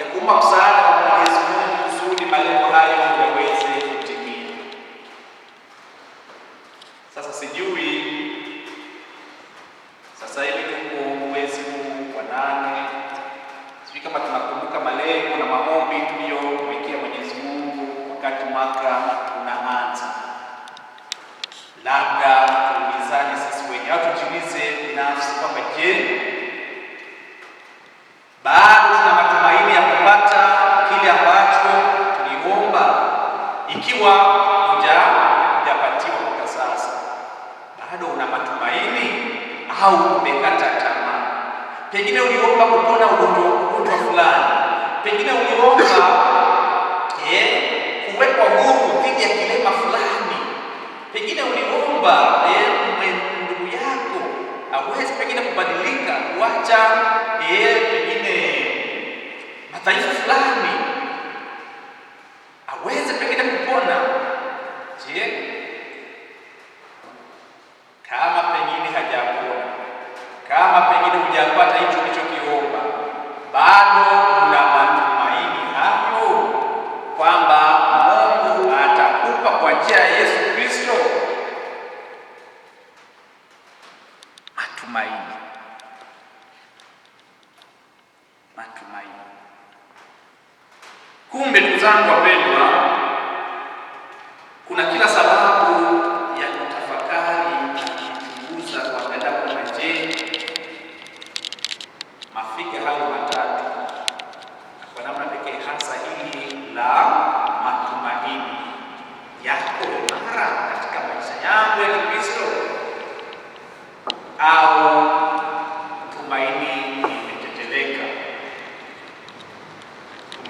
que é como usar uliomba kupona ugonjwa fulani, pengine uliomba eh, kuwekwa huru dhidi ya kilema fulani, pengine uliomba eh, yako aweze pengine kubadilika, kuacha eh, pengine mataifa fulani Kumbe ndugu zangu wapendwa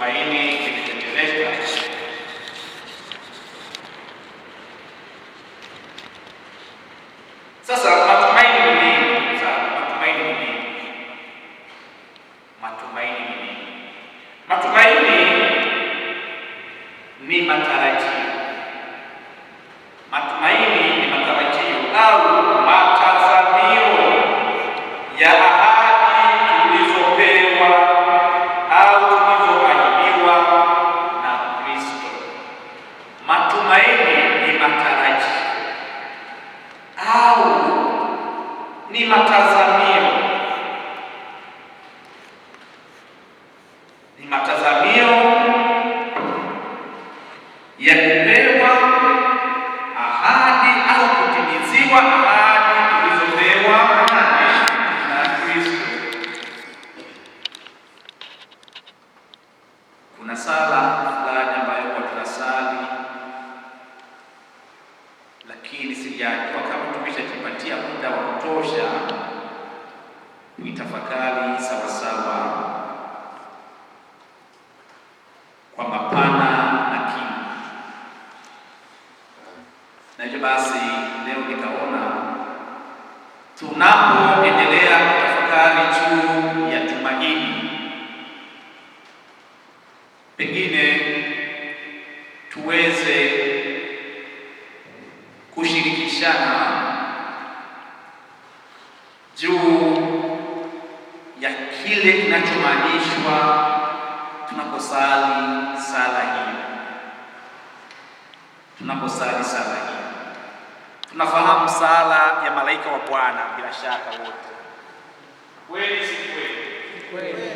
моими na sala fulani ambayo kwa tunasali, lakini sijajua kama tumeshajipatia muda wa kutosha kuitafakari pengine tuweze kushirikishana juu ya kile kinachomaanishwa tunaposali sala hii, Tunaposali sala hii. tunafahamu sala ya malaika wa Bwana bila shaka wote, kweli si kweli? Kweli.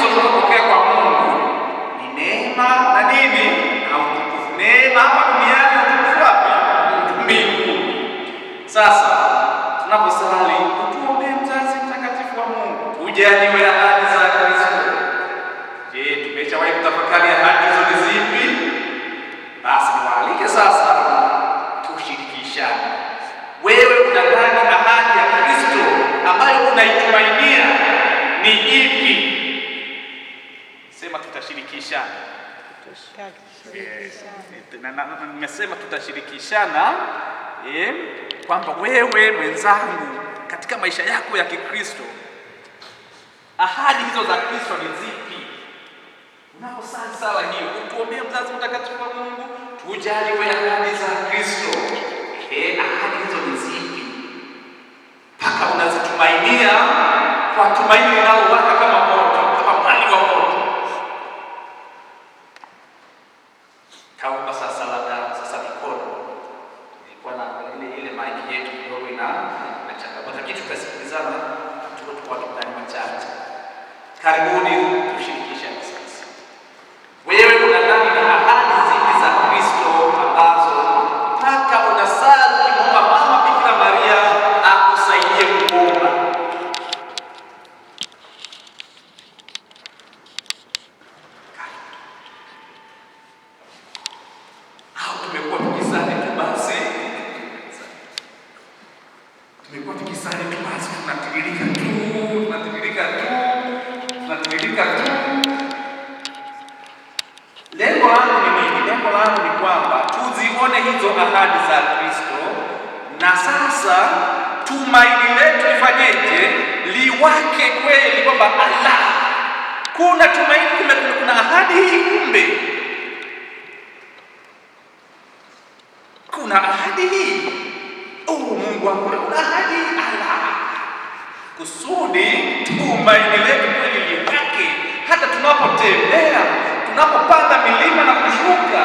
hizo tunazopokea kwa Mungu ni neema na dini na utukufu. Neema hapa duniani, utukufu wapi? Mbinguni. Sasa tunaposali tutashirikishana, eh, nimesema tutashirikishana eh, kwamba wewe mwenzangu, katika maisha yako ya Kikristo, ahadi hizo za Kristo ni zipi? Nao sawasawa hiyo, utuombee mzazi mtakatifu wa Mungu, tujaliwe ahadi za Kristo. Eh, ahadi hizo ni zipi mpaka unazitumainia kwa tumaini linalowaka hali hii kumbe kuna ahadi hii. Oh, Mungu wangu, kuna ahadi ala, kusudi tumaini letu kweli libaki, hata tunapotembea, tunapopanda milima na kushuka,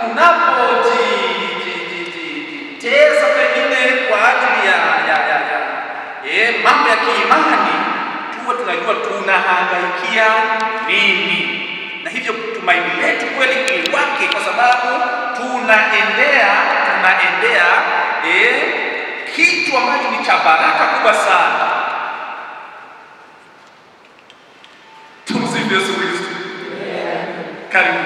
tunapojitesa pengine kwa ajili ya mambo ya kiimani, tuwe tunajua tunahangaikia nini. Hivyo tumaini letu kweli ni wake, kwa sababu tunaendea tunaendea eh, kitu ambacho ni cha baraka kubwa sana. Tumsifu Yesu Kristo. Karibu.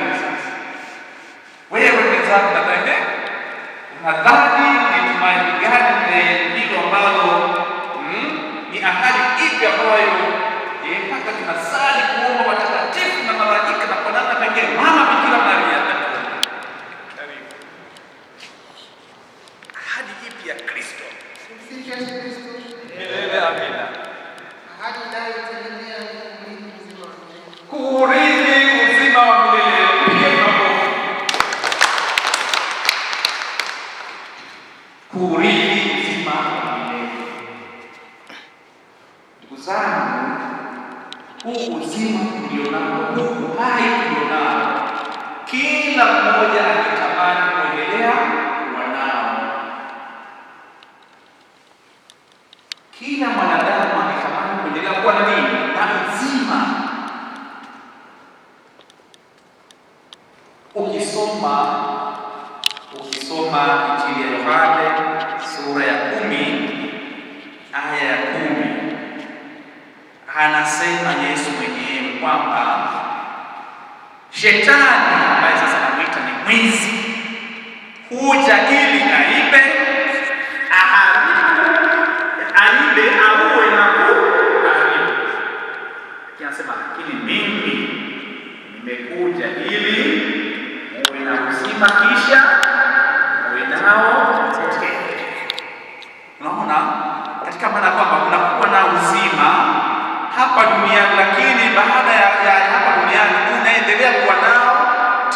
Shetani ambaye sasa namuita ni mwizi huja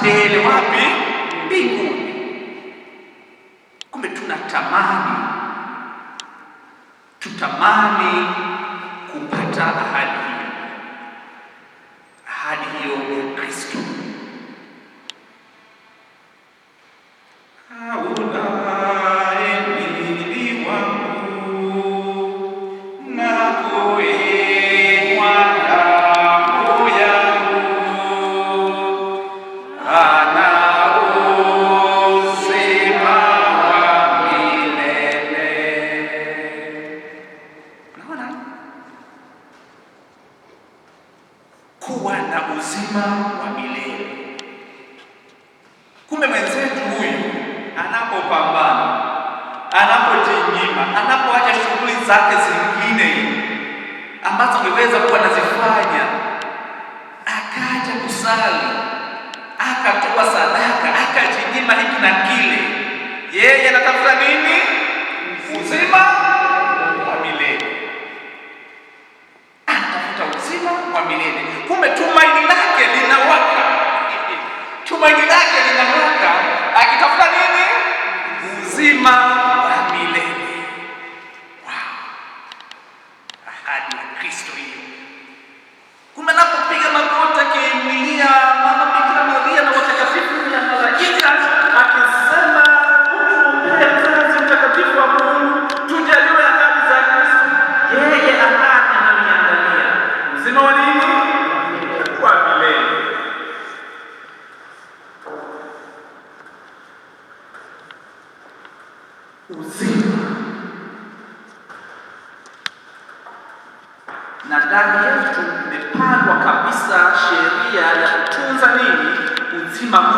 tele wapi? Mbinguni. Kumbe tunatamani tutamani kupata ahadi hiyo, ahadi hiyo ya Kristo. akatoa sadaka, akajinyima hiki na kile, yeye anatafuta nini? Uzima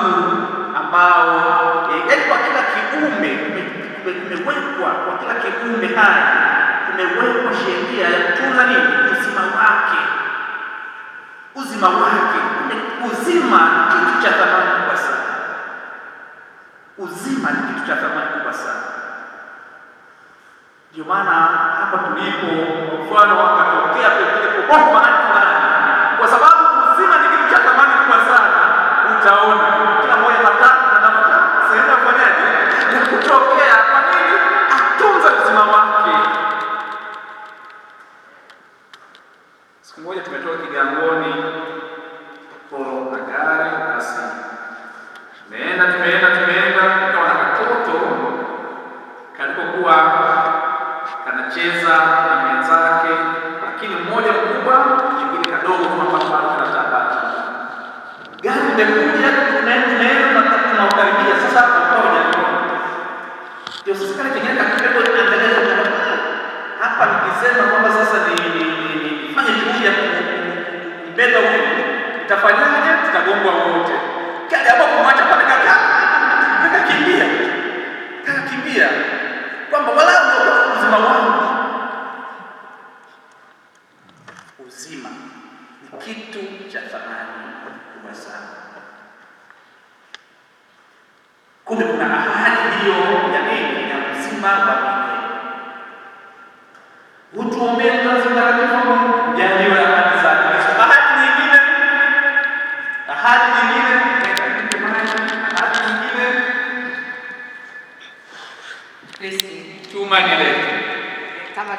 maalum ambao eh, yaani kwa kila kiumbe kumewekwa, kwa kila kiumbe hai kumewekwa sheria ya kutunza nini? Uzima wake, uzima wake. Uzima ni kitu cha thamani kubwa sana, uzima ni kitu cha thamani kubwa sana. Ndio maana hapa tulipo, mfano wakatokea pengine popote mahali kwa sababu নামকে kumbe kuna ahadi hiyo ya nini ya uzima wa milele. Utuombee za Kristo. Ahadi nyingine, ahadi nyingine, ahadi nyingine, Kristo kama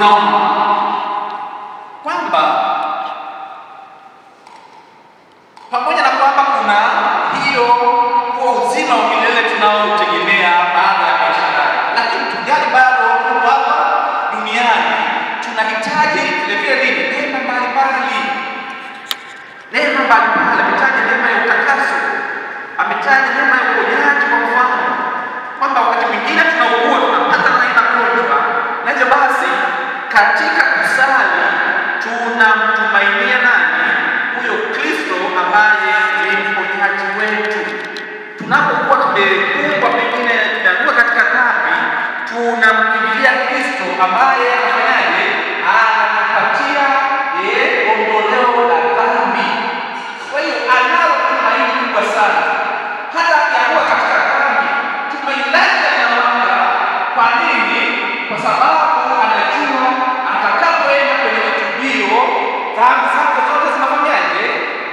குணம் katika kusali tunamtumainia nani? Huyo Kristo ambaye ni mponyaji wetu. Tunapokuwa tumekumbwa pengine tumeanguka katika dhambi, tunamkimbilia Kristo ambaye afanyaje? Anatupatia eh, ondoleo la dhambi. Kwa hiyo anao tumaini kubwa sana, hata akianguka katika dhambi tumaini lake linawaka. Kwa nini? Kwa sababu dhambi zake zote zinafanyaje?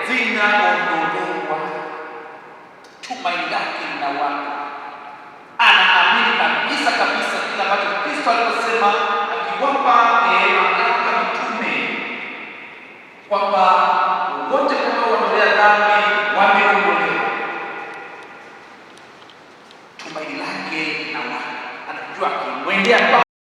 Zinaondolewa. Tumaini lake linawaka, anaamini kabisa kabisa kile ambacho Kristo aliposema akiwapa neema yake mitume kwamba wote wanaotenda dhambi wameondolewa. Tumaini lake linawaka, anajua akimwendea